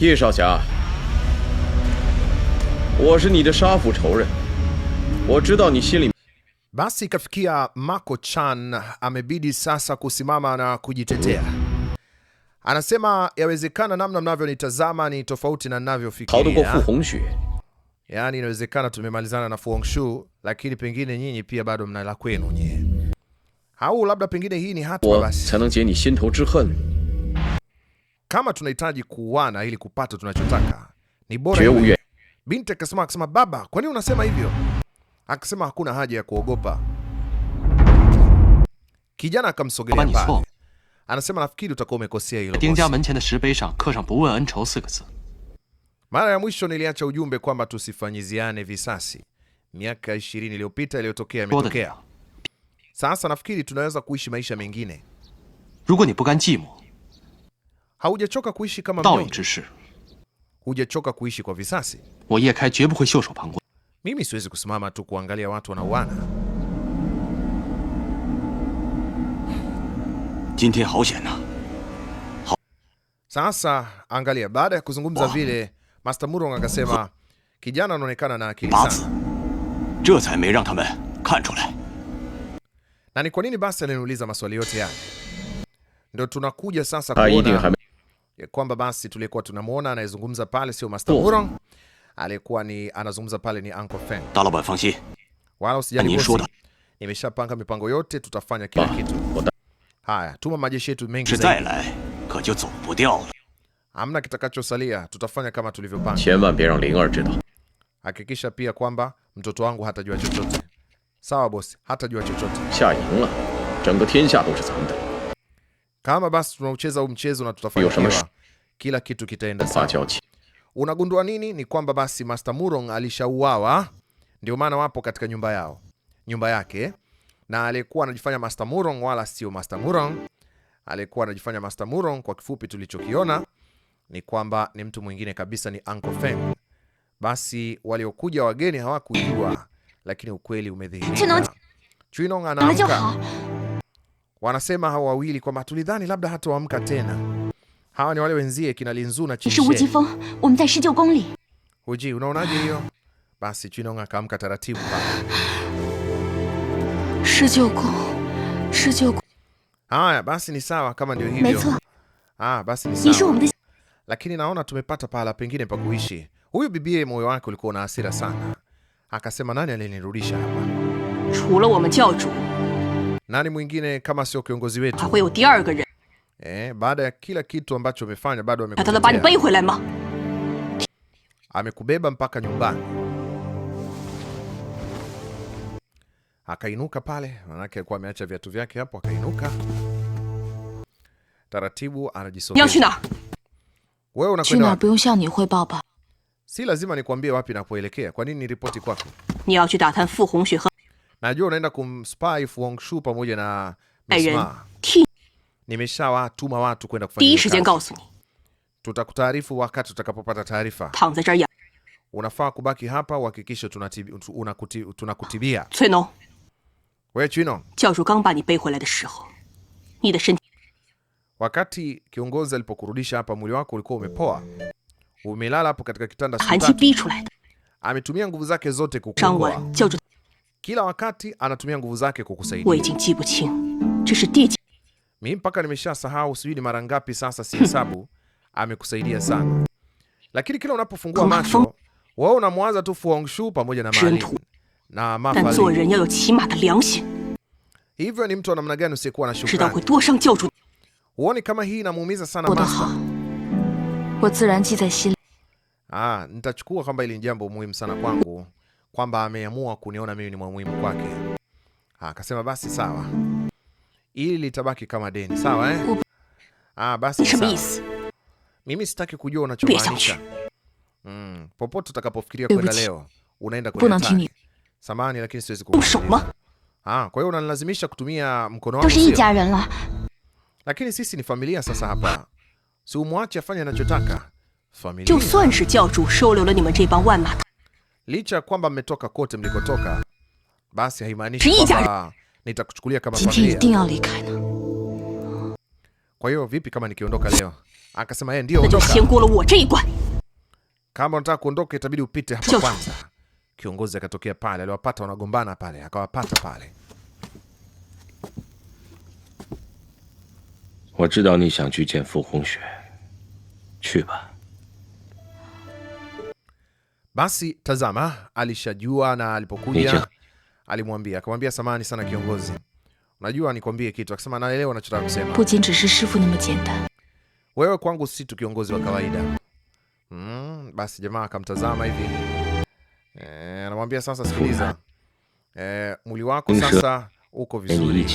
叶少侠，我是你的杀父仇人，我知道你心里。Basi ikafikia Mako Chan amebidi sasa kusimama na kujitetea. Anasema yawezekana namna mnavyonitazama ni tofauti na ninavyofikiria. Yaani inawezekana tumemalizana na Fu Hongxue, lakini pengine nyinyi pia bado mna la kwenu Au labda pengine hii ni hatima basi kama tunahitaji kuuana ili kupata tunachotaka ni bora. Binti akasema akasema, baba, kwa nini unasema hivyo? Akasema hakuna haja ya kuogopa. Kijana akamsogelea pale, anasema nafikiri utakuwa umekosea hilo. Mara ya mwisho niliacha ujumbe kwamba tusifanyiziane visasi, miaka ishirini iliyopita iliyotokea imetokea. Sasa nafikiri tunaweza kuishi maisha mengine. Haujachoka kuishi kama mnyonge. Hujachoka kuishi kwa visasi. Mimi siwezi kusimama tu kuangalia watu wanauana. Sasa angalia, baada ya kuzungumza vile, Master Murong akasema kijana anaonekana na akili sana. Na ni kwa nini basi aliniuliza maswali yote haya? Ndio tunakuja sasa kuona kwamba basi tulikuwa tunamwona anayezungumza pale sio Master Murong, alikuwa ni anazungumza pale ni Uncle Feng. Wala usijali bosi, nimeshapanga mipango yote, tutafanya kila ah, kitu. Haya, tuma majeshi yetu mengi zaidi. Hamna kitakachosalia, tutafanya kama tulivyopanga. Er Hakikisha pia kwamba mtoto wangu hatajua chochote. Sawa bosi, hatajua chochote. Kama basi tunaucheza huu mchezo na tutafanikiwa, kila kitu kitaenda sawa. Unagundua nini? Ni kwamba basi Master Murong alishauawa, ndio maana wapo katika nyumba yao, nyumba yake, na aliyekuwa anajifanya Master Murong wala sio Master Murong, aliyekuwa anajifanya Master Murong. Kwa kifupi, tulichokiona ni kwamba ni mtu mwingine kabisa, ni Uncle Feng. Basi waliokuja wageni hawakujua, lakini ukweli umedhihirika. Chuinong anaamka Wanasema hawa wawili kwamba tulidhani labda hatuamka tena. Hawa ni wale wenzie kina Linzu na Chinshe. Uji, unaonaje hiyo? Basi Chinong akaamka taratibu. Haya, basi ni sawa kama ndio hivyo. Ah, basi ni sawa. Lakini naona tumepata pahala pengine pa kuishi. Huyu bibie moyo wake ulikuwa na hasira sana. Akasema nani alinirudisha hapa? Nani mwingine kama sio kiongozi wetu? Eh, baada ya kila kitu ambacho amefanya bado amekutetea. Amekubeba mpaka nyumbani. Akainuka pale, manake alikuwa ameacha viatu vyake hapo, akainuka. Taratibu anajisogeza. Wewe unakwenda wapi? Si lazima nikuambie wapi nakuelekea. Kwa nini niripoti kwako? Ni najua unaenda kumspy Fu Hongxue pamoja na Miss Ma. Nimeshawatuma watu kwenda kufanya, tutakutaarifu wakati tutakapopata taarifa. Unafaa kubaki hapa uhakikishe tunatibia, tunakutibia. Wewe Chino, wakati kiongozi alipokurudisha hapa, mwili wako ulikuwa umepoa, umelala hapo katika kitanda. Ametumia nguvu zake zote kukuokoa kila wakati anatumia nguvu zake kukusaidia. Mi mpaka nimeshasahau, sijui ni mara ngapi sasa, si hesabu. Amekusaidia sana, lakini kila unapofungua macho wewe unamwaza tu Fu Hongxue pamoja na mali na Ma Fangling. Hivyo ni mtu wa namna gani usiyekuwa na shukrani? Huoni kama hii inamuumiza sana Master? Ah, nitachukua kwamba hili ni jambo muhimu sana kwangu kwamba ameamua kuniona mimi ni muhimu kwake. Akasema basi sawa, ili litabaki kama deni, sawa eh? Ah, basi sawa. Mimi sitaki kujua unachomaanisha. Mm, popote utakapofikiria kwenda leo unaenda kwenda tani. Samahani lakini siwezi kukuelewa. Ah, kwa hiyo unanilazimisha kutumia mkono wako. Lakini sisi ni familia sasa hapa. Si umwache afanye anachotaka. Familia licha ya kwamba mmetoka kote mlikotoka, basi haimaanishi kwamba nitakuchukulia kama familia. Kwa hiyo vipi kama nikiondoka leo? Akasema yeye ndio ondoka. Kama unataka kuondoka itabidi upite hapa kwanza. Kiongozi akatokea pale, aliwapata wanagombana pale, akawapata pale. Wajidao ni shangu chu jian fu hongxue. Chu ba. Basi tazama, alishajua na alipokuja alimwambia, akamwambia samani sana kiongozi, unajua nikwambie kitu. Akasema naelewa unachotaka kusema, wewe kwangu si tu kiongozi wa kawaida mm. Basi jamaa akamtazama hivi eh, anamwambia sasa, sikiliza eh, mwili wako sasa uko vizuri,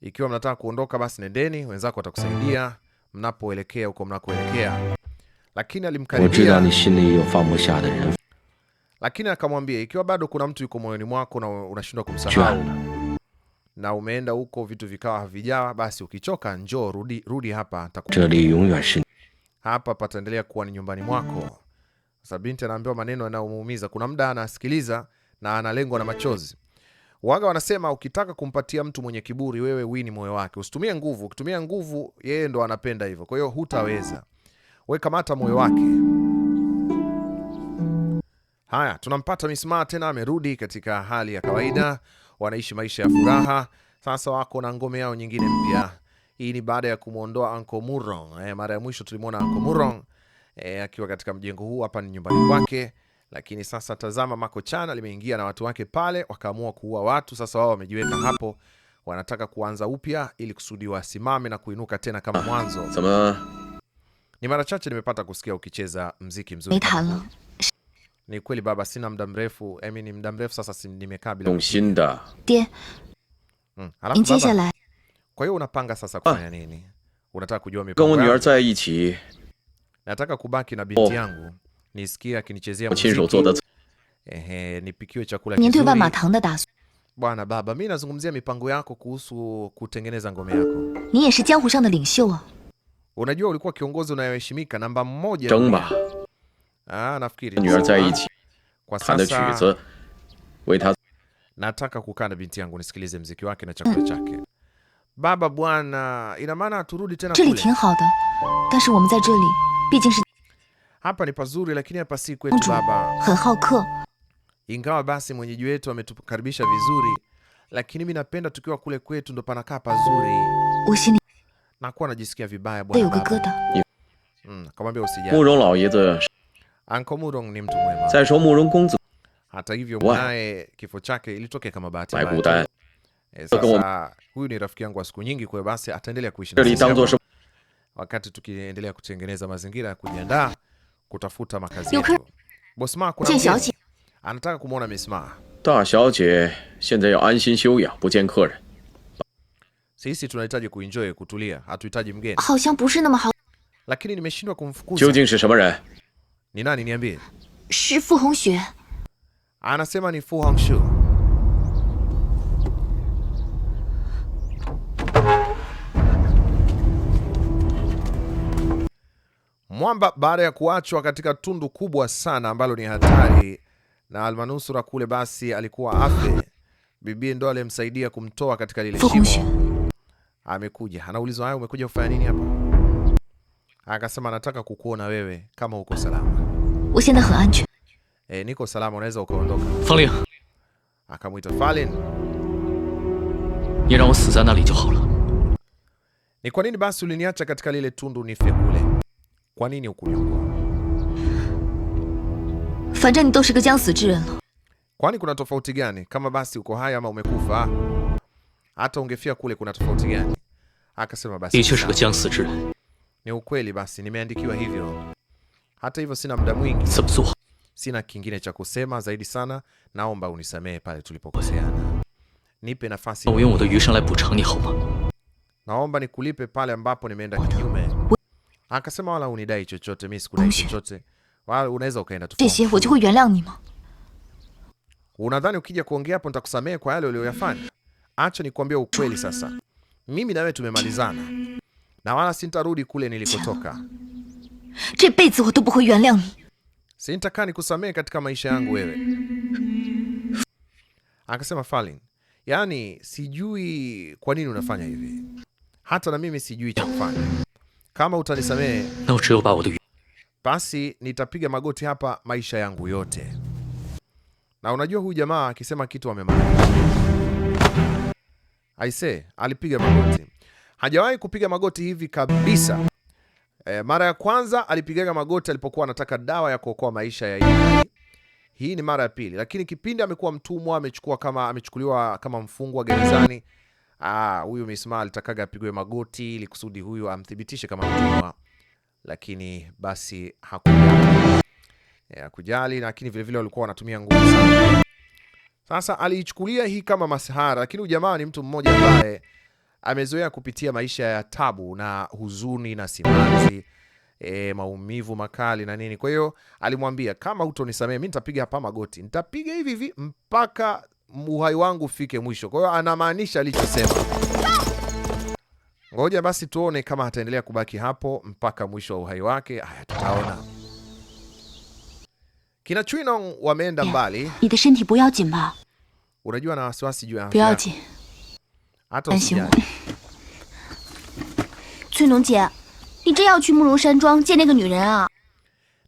ikiwa mnataka kuondoka basi nendeni, wenzako watakusaidia mnapoelekea huko mnakoelekea lakini alimkaribia, lakini akamwambia, ikiwa bado kuna mtu yuko moyoni mwako na unashindwa kumsahau na umeenda huko vitu vikawa havijaa, basi ukichoka njoo rudi, rudi hapa, hapa pataendelea kuwa ni nyumbani mwako. Sasa binti anaambiwa maneno yanayomuumiza. Kuna muda anasikiliza na analengwa na machozi. Waga wanasema ukitaka kumpatia mtu mwenye kiburi, wewe wini moyo wake, usitumie nguvu. Ukitumia nguvu, yeye ndo anapenda hivyo, kwa hiyo hutaweza wekamata moyo wake. Haya, tunampata Misma tena amerudi katika hali ya kawaida, wanaishi maisha ya furaha sasa, wako na ngome yao nyingine mpya. Hii ni baada ya kumwondoa Anko Murong. Eh, mara ya mwisho tulimwona Anko Murong eh, akiwa katika mjengo huu, hapa ni nyumbani kwake, lakini sasa tazama, Makochana limeingia na watu wake pale, wakaamua kuua watu. Sasa wao wamejiweka hapo, wanataka kuanza upya ili kusudi wasimame na kuinuka tena kama mwanzo. Ni mara chache nimepata kusikia ukicheza mziki mzuri. Ni kweli baba, sina muda mrefu, emi ni muda mrefu sasa nimekaa bila. Mm, halafu Kwa hiyo unapanga sasa kufanya ah. nini? Unataka kujua mipango yangu. Nataka kubaki na binti oh. yangu. Nisikie akinichezea muziki. Ehe, nipikiwe chakula kizuri. Bwana baba, mimi nazungumzia mipango yako kuhusu kutengeneza ngome yako. Unajua ulikuwa kiongozi unayoheshimika namba mmoja. Ah, nafikiri kwa sasa nataka kukaa na binti yangu nisikilize mziki wake na chakula chake. Baba bwana, ina maana turudi tena kule. Hapa ni pazuri lakini hapa si kwetu baba. Ingawa basi mwenyeji wetu ametukaribisha vizuri, lakini mimi napenda tukiwa kule kwetu ndo panakaa pazuri nakuwa najisikia vibaya bwana. Mm, akamwambia usijali. Uncle Murong ni mtu mwema. Hata hivyo mwanaye kifo chake ilitokea kama bahati mbaya. E, sasa huyu ni rafiki yangu wa siku nyingi, kwa basi ataendelea kuishi na sisi wakati tukiendelea kutengeneza mazingira ya kujiandaa kutafuta makazi yetu. Boss Ma anataka kumwona Miss Ma. Da Xiaojie, sasa ya anxin xiu yang, bu jian ke ren. Sisi tunahitaji kuenjoy, kutulia, hatuhitaji mgeni. Lakini nimeshindwa kumfukuza. Ni nani niambie? Fu Hongxue. Anasema ni Fu Hongxue. Mwamba baada ya kuachwa katika tundu kubwa sana ambalo ni hatari na almanusura kule, basi alikuwa afe. Bibi ndo alimsaidia kumtoa katika lile shimo amekuja anaulizwa, haya, umekuja kufanya nini hapa? Akasema anataka kukuona wewe kama uko salama. E, niko salama, unaweza ukaondoka. Akamwita Falin, ni kwa nini basi uliniacha katika lile tundu nife kule? Kwa nini hukuniokoa? Kwani kuna tofauti gani kama basi uko hai ama umekufa? hata ungefia kule, kuna tofauti gani? Akasema basi ni ukweli, basi nimeandikiwa hivyo. Hata hivyo sina muda mwingi, sina kingine cha kusema zaidi sana, naomba unisamehe pale tulipokoseana, nipe nafasi, naomba nikulipe pale ambapo nimeenda kinyume. Akasema wala unidai chochote, mimi sikudai chochote, wala unaweza ukaenda tu. Unadhani ukija kuongea hapo nitakusamehe kwa yale uliyoyafanya? acha nikuambia ukweli sasa, mimi na wewe tumemalizana na wala sintarudi kule nilikotoka. Sintakaa nikusamehe katika maisha yangu wewe. Akasema Falin, yani sijui kwa nini unafanya hivi, hata na mimi sijui cha kufanya. Kama utanisamehe basi nitapiga magoti hapa maisha yangu yote. Na unajua huyu jamaa akisema kitu amemaanisha Aise, alipiga magoti. Hajawahi kupiga magoti hivi kabisa. E, mara ya kwanza alipigaga magoti alipokuwa anataka dawa ya kuokoa maisha ya Idi. Hii ni mara ya pili, lakini kipindi amekuwa mtumwa, amechukua kama amechukuliwa kama mfungwa gerezani. Ah, huyu Misma alitakaga apigwe magoti ili kusudi huyu amthibitishe kama mtumwa, lakini basi hakujali, eh, lakini vile walikuwa wanatumia nguvu sana. Sasa aliichukulia hii kama masihara, lakini ujamaa ni mtu mmoja ambaye amezoea kupitia maisha ya tabu na huzuni na simanzi e, maumivu makali na nini. Kwa hiyo alimwambia kama hutonisamehe mimi nitapiga hapa magoti, nitapiga hivi hivi mpaka uhai wangu ufike mwisho. Kwa hiyo anamaanisha alichosema. Ngoja basi tuone kama ataendelea kubaki hapo mpaka mwisho wa uhai wake. Haya, tutaona. Kina Chwinong wameenda mbali. Unajua na wasiwasi juu ya hata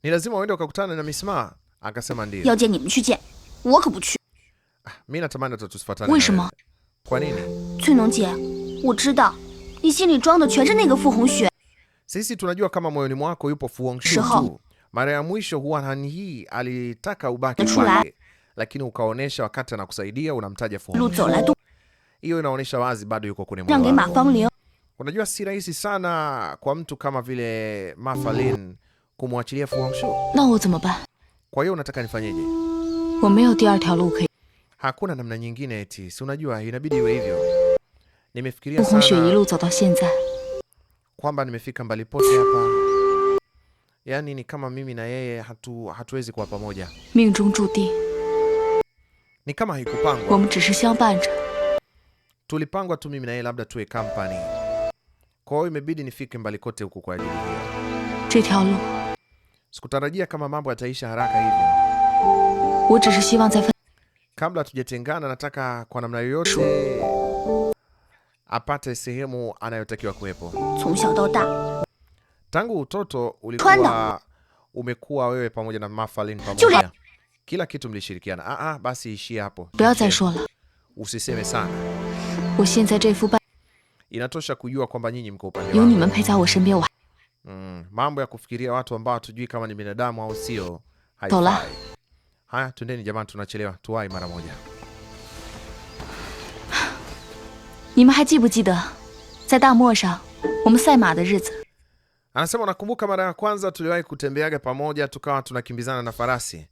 ni lazima uende ukakutana na Miss Akasema ndio. Mimi natamani tusifuatane. Kwa nini? Sisi tunajua kama moyoni mwako yupo Fu Hongxue tu. Mara ya mwisho huwa Huan hii alitaka ubaki kwake, lakini ukaonesha wakati anakusaidia unamtaja Fu. Hiyo inaonyesha wazi bado yuko kwenye moyo. Unajua si rahisi sana kwa mtu kama vile Ma Fangling kumwachilia Fu Hongxue. Kwa hiyo unataka nifanyeje? Hakuna namna nyingine eti. Si unajua inabidi iwe hivyo. Nimefikiria sana kwamba nimefika mbali pote hapa yani ni kama mimi na yeye hatu, hatuwezi kuwa pamoja. Ni kama haikupangwa, tulipangwa tu mimi na yeye labda tuwe company. Kwa hiyo imebidi nifike mbali kote huku kwa ajili hiyo. Sikutarajia kama mambo yataisha haraka hivyo. Kabla hatujatengana, nataka kwa namna yoyote apate sehemu anayotakiwa kuwepo. Tangu utoto ulikuwa umekuwa wewe pamoja na Ma Fangling pamoja. Kila kitu mlishirikiana. Ah ah, basi ishie hapo. Usiseme sana. Inatosha kujua kwamba nyinyi mko upande wangu. Mm, mambo ya kufikiria watu ambao hatujui kama ni binadamu au sio. Haya, tuendeni jamani, tunachelewa. Tuwai mara moja. Nimehajibu jida. Ni Anasema nakumbuka mara ya kwanza tuliwahi kutembeaga pamoja tukawa tunakimbizana na farasi.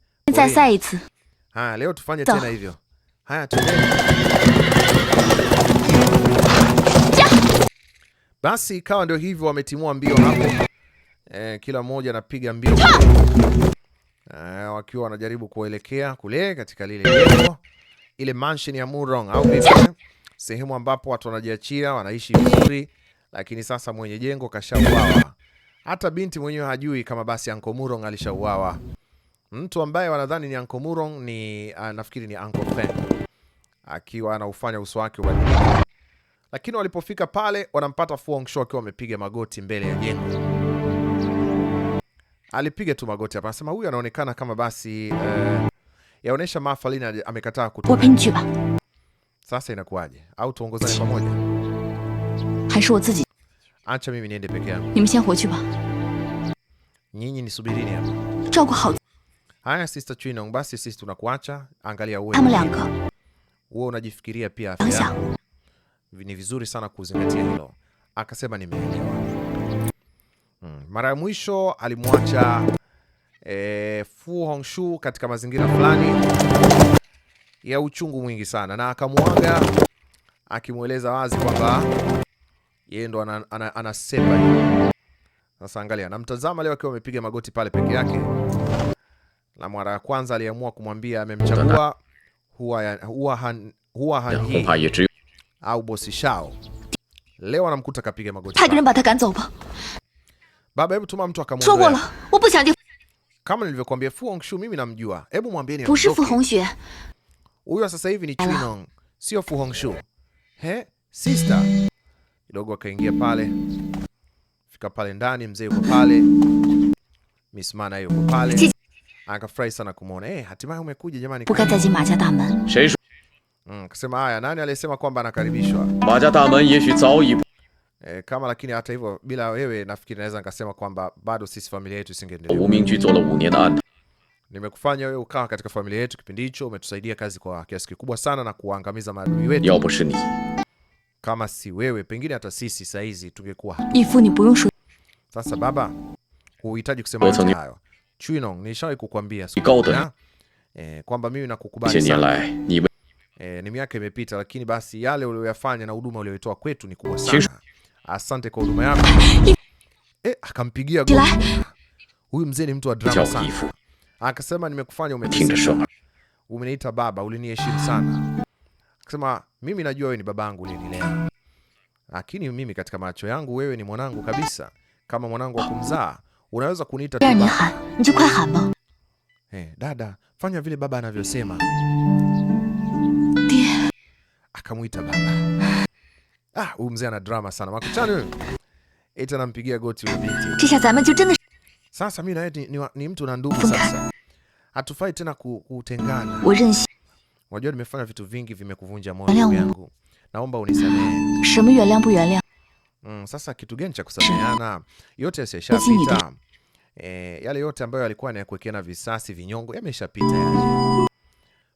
Haya, leo tufanye tena hivyo. Haya, basi ikawa ndio hivyo, wametimua mbio hapo. Eh, kila mmoja anapiga mbio eh, wakiwa wanajaribu kuelekea kule katika lile jengo ile mansion ya Murong au vipi, sehemu ambapo watu wanajiachia wanaishi vizuri, lakini sasa mwenye jengo kashauawa hata binti mwenyewe hajui kama basi Anko Murong alishauawa. Mtu ambaye wanadhani ni Anko Murong ni uh, nafikiri ni Anko Feng akiwa anaufanya uso wake ubadilike, lakini walipofika pale wanampata Fu Hongxue akiwa amepiga magoti mbele ya jengo. Alipiga tu magoti hapa, anasema huyu anaonekana kama basi uh, eh, yaonesha Ma Fangling amekataa kutoka. Sasa inakuwaje? Au tuongozane pamoja? Haishi Acha mimi niende peke yangu. Ni msia huochi ba. Nyinyi nisubirini hapa. Chagua hao. Haya, Sister Chinong, basi sisi tunakuacha. Angalia wewe. Kama lango. Wewe unajifikiria pia afya yako. Ni vizuri sana kuzingatia hilo. Akasema nimeelewa. Hmm. Mara ya mwisho alimwacha e, Fu Hongxue katika mazingira fulani ya uchungu mwingi sana na akamwaga akimweleza wazi kwamba yeye ndo anasema ana, ana, sasa angalia, namtazama leo akiwa amepiga magoti pale peke yake, na mara ya kwanza aliamua kumwambia amemchagua huwa, huwa, han, huwa han au bosi Shao. Leo anamkuta kapiga magoti. Baba, hebu tuma mtu akamwambia. Kama nilivyokuambia Fu Hongxue mimi namjua. Hebu mwambie ni Fu Hongxue. Huyo sasa hivi ni Chui sio Fu Hongxue. He, sister kidogo, akaingia pale, fika pale ndani, mzee yuko pale, Miss Mana yuko pale, akafurahi sana kumwona. Eh, hatimaye umekuja jamani. Mm, kasema haya, nani aliyesema kwamba anakaribishwa? Eh, kama lakini hata hivyo bila wewe nafikiri naweza nikasema kwamba bado sisi familia yetu isingeendelea. Nimekufanya wewe ukawa katika familia yetu kipindi hicho, umetusaidia kazi kwa kiasi kikubwa sana na kuangamiza maadui wetu. Kama si wewe, pengine hata sisi saa hizi tungekuwa. Sasa baba, huhitaji kusema yote hayo. Chuinong, nishawahi kukwambia eh, kwamba mimi nakukubali sana. Eh, ni miaka imepita, lakini basi yale uliyoyafanya na huduma uliyoitoa kwetu ni kubwa sana. Asante kwa huduma yako. Eh, akampigia huyu mzee ni mtu wa drama sana. Akasema nimekufanya umeniita baba, uliniheshimu sana akasema mimi najua wewe ni babangu ulinilea, lakini mimi katika macho yangu wewe ni mwanangu kabisa, kama mwanangu wa kumzaa. Unaweza kuniita Hey, eh, dada, fanya vile baba anavyosema. Akamwita baba. Ah, huyu mzee ana drama sana. Makuchani eti anampigia goti huyu binti. Sasa mimi na yeye ni, ni, ni mtu na ndugu sasa. Hatufai tena kutengana. Unajua nimefanya vitu vingi vimekuvunja moyo wangu. Naomba unisamehe. Mm, sasa kitu gani cha kusameheana? Yote yashapita. Eh, yale yote ambayo alikuwa anayekuwekea na visasi, vinyongo yameshapita yale. Yaani.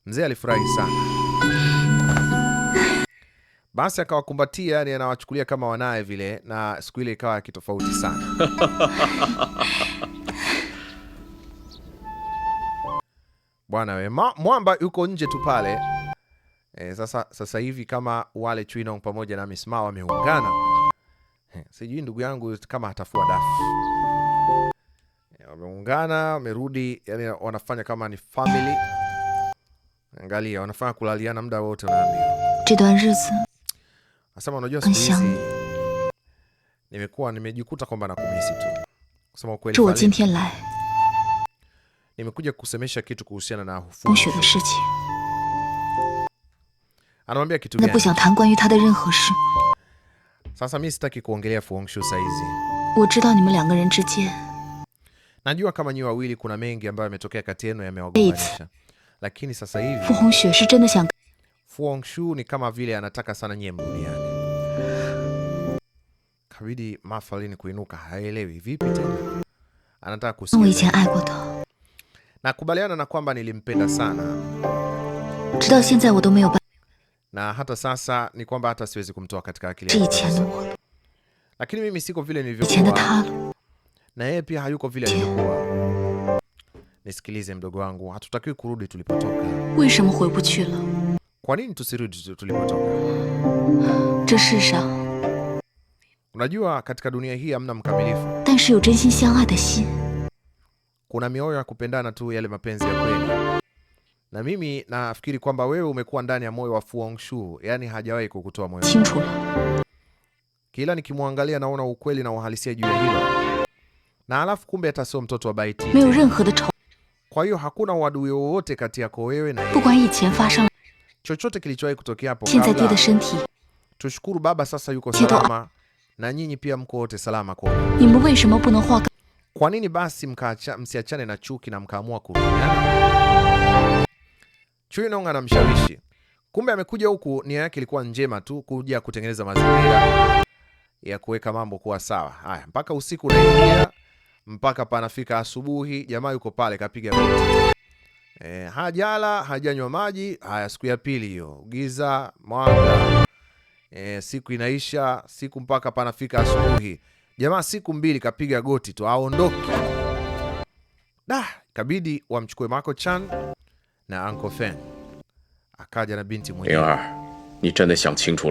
Mzee alifurahi sana. Basi akawakumbatia, yani anawachukulia kama wanaye vile, na siku ile ikawa kitofauti sana bwana we, mwamba yuko nje tu pale e. Sasa sasa hivi kama wale Chwinong pamoja na misma Ma wameungana, eh, sijui ndugu yangu kama atafua dafu. E, wameungana wamerudi, yani wanafanya kama ni family. Angalia, wanafanya kulaliana muda wote, nasema unajua, siku hizi nimekuwa nimejikuta kwamba nakumisi tu kusema ukweli nimekuja kusemesha kitu kuhusiana na Fu. Anamwambia kitu gani? Sasa mimi sitaki kuongelea Fu Hongxue saizi. Najua kama nyi wawili kuna mengi ambayo yametokea kati yenu yamewagombanisha. Lakini sasa hivi Fu Hongxue ni kama vile anataka sana nyie mduniani. Kabidi Ma Fangling kuinuka, haelewi vipi tena. Anataka kusikia. Nakubaliana na kwamba nilimpenda sana na hata sasa ni kwamba hata siwezi kumtoa katika akili yangu, lakini mimi siko vile nilivyokuwa na yeye pia hayuko vile alivyokuwa. Nisikilize mdogo wangu, hatutakiwi kurudi tulipotoka. Kwa nini tusirudi tulipotoka? Unajua, katika dunia hii hamna mkamilifu kuna mioyo ya kupendana tu, yale mapenzi ya kweli. Na mimi nafikiri kwamba wewe umekuwa ndani ya moyo wa Fu Hongxue, yani hajawahi kukutoa moyo. Kila nikimwangalia naona ukweli na uhalisia juu ya hilo. Na alafu kumbe hata sio mtoto wa Bai Tianyu. Kwa hiyo hakuna uadui wowote kati yako wewe na yeye. Chochote kilichowahi kutokea hapo kabla. Tushukuru baba sasa yuko salama na nyinyi pia mko wote salama kwa. Kwa nini basi msiachane na chuki na mkaamua kurudiana? Chuinong anamshawishi, kumbe amekuja huku nia yake ilikuwa njema tu, kuja kutengeneza mazingira ya kuweka mambo kuwa sawa. Haya, mpaka usiku unaingia mpaka panafika asubuhi, jamaa yuko pale kapiga miti e, hajala hajanywa maji. Haya, siku ya pili hiyo, giza mwanga e, siku inaisha siku mpaka panafika asubuhi. Jamaa siku mbili kapiga goti tu aondoki. Da, kabidi wamchukue Marco Chan na Uncle Fen. Akaja na binti mwenyewe.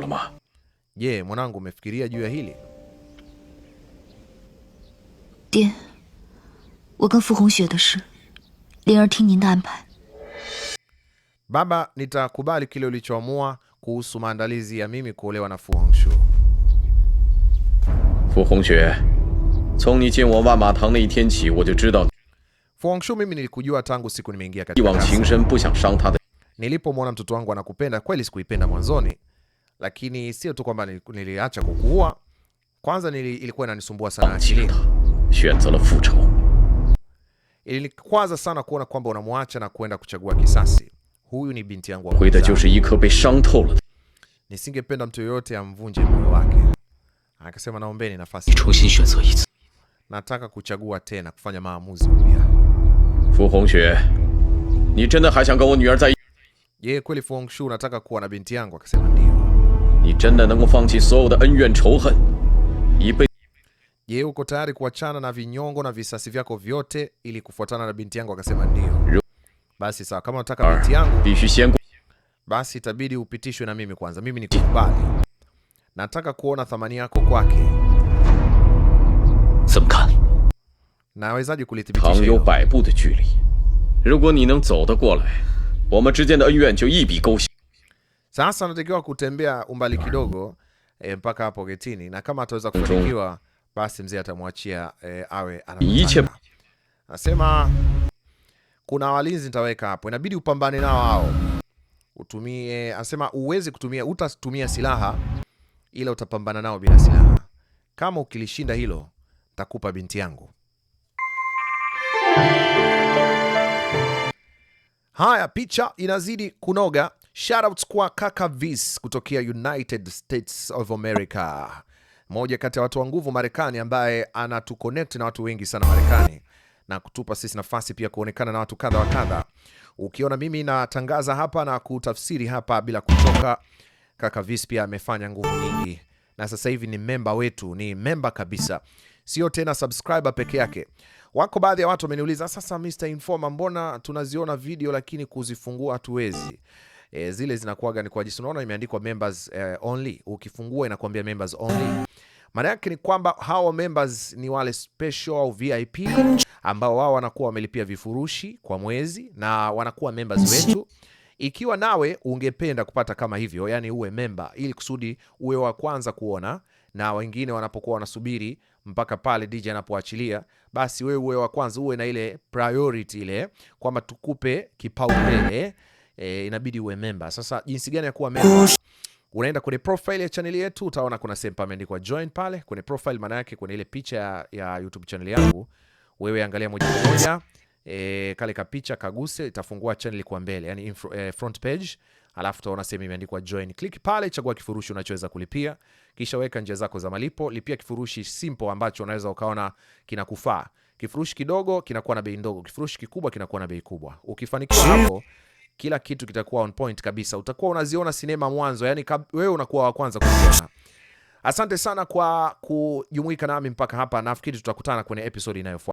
ma? Je, mwanangu umefikiria juu ya hili? Baba, nitakubali kile ulichoamua kuhusu maandalizi ya mimi kuolewa na Fu Hongxue. 傅红雪，从你进我万马堂那一天起，我就知道。Fu Hongxue, mtoto wangu anakupenda kweli, sikuipenda mwanzoni, lakini sio tu kwamba niliacha kwanza nili, ilikuwa inanisumbua sana sana kuona kwamba unamwacha na kuenda kuchagua kisasi. Huyu ni binti yangu wa Nisingependa mtu yoyote amvunje moyo wake akasema naombeni nafasi, nataka kuchagua tena kufanya maamuzi. Fu Hongxue, ni zenda hai xiang gen wo nuer zai? Je, kweli Fu Hongxue nataka kuwa na binti yangu? Akasema ndio. Ni zenda nengou fangqi suo you de en chou hen yi bei? Je, uko tayari kuachana na vinyongo na visasi vyako vyote ili kufuatana na binti yangu? Akasema ndio. Basi sawa, kama unataka binti ah, yangu, basi itabidi upitishwe na mimi kwanza. Mimi nikubali nataka kuona thamani yako kwake. Nawezaje kulithibitisha hilo? Sasa natakiwa kutembea umbali kidogo e, mpaka hapo getini, na kama ataweza kufanikiwa basi mzee atamwachia e, awe anataka. Nasema kuna walinzi nitaweka hapo, inabidi upambane nao hao, utumie. Eh, anasema uwezi kutumia, utatumia silaha ila utapambana nao bila silaha. Kama ukilishinda hilo, takupa binti yangu. Haya, picha inazidi kunoga. Shoutouts kwa kaka Vis kutokea United States of America, mmoja kati ya watu wa nguvu Marekani, ambaye anatuconnect na watu wengi sana Marekani na kutupa sisi nafasi pia kuonekana na watu kadha wa kadha. Ukiona mimi natangaza hapa na kutafsiri hapa bila kuchoka Kaka Vis pia amefanya nguvu nyingi na sasa hivi ni memba wetu, ni memba kabisa, sio tena subscriber peke yake. Wako baadhi ya watu wameniuliza sasa, Mr Informa, mbona tunaziona video lakini kuzifungua hatuwezi? E, zile zinakuwaga ni kwa jinsi unaona imeandikwa members eh, only. Ukifungua inakuambia members only. Maana yake ni kwamba hao members ni wale special au VIP ambao wao wanakuwa wamelipia vifurushi kwa mwezi na wanakuwa members wetu ikiwa nawe ungependa kupata kama hivyo, yani uwe memba, ili kusudi uwe wa kwanza kuona na wengine wanapokuwa wanasubiri mpaka pale DJ anapoachilia, basi wewe uwe wa kwanza, uwe na ile priority ile kwamba tukupe kipaumbele. E, inabidi uwe memba. Sasa jinsi gani ya kuwa memba? Unaenda kwenye profile ya chaneli yetu, utaona kuna sehemu pameandikwa join pale kwenye profile, maana yake kwenye ile picha ya YouTube chaneli yangu, wewe angalia moja kwa moja e, kale kapicha kaguse, itafungua channel kwa mbele, yani info, e, eh, front page, alafu utaona sehemu imeandikwa join, click pale, chagua kifurushi unachoweza kulipia, kisha weka njia zako za malipo. Lipia kifurushi simple ambacho unaweza ukaona kinakufaa. Kifurushi kidogo kinakuwa na bei ndogo, kifurushi kikubwa kinakuwa na bei kubwa. Ukifanikiwa hapo kila kitu kitakuwa on point kabisa, utakuwa unaziona sinema mwanzo, yani wewe unakuwa wa kwanza kuziona. Asante sana kwa kujumuika nami mpaka hapa, nafikiri tutakutana kwenye episode inayofuata.